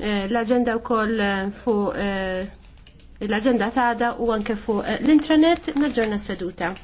Eh, l-agenda wkoll eh, fu eh, l-agenda tagħda u anke fu l-intranet naġġorna s-seduta.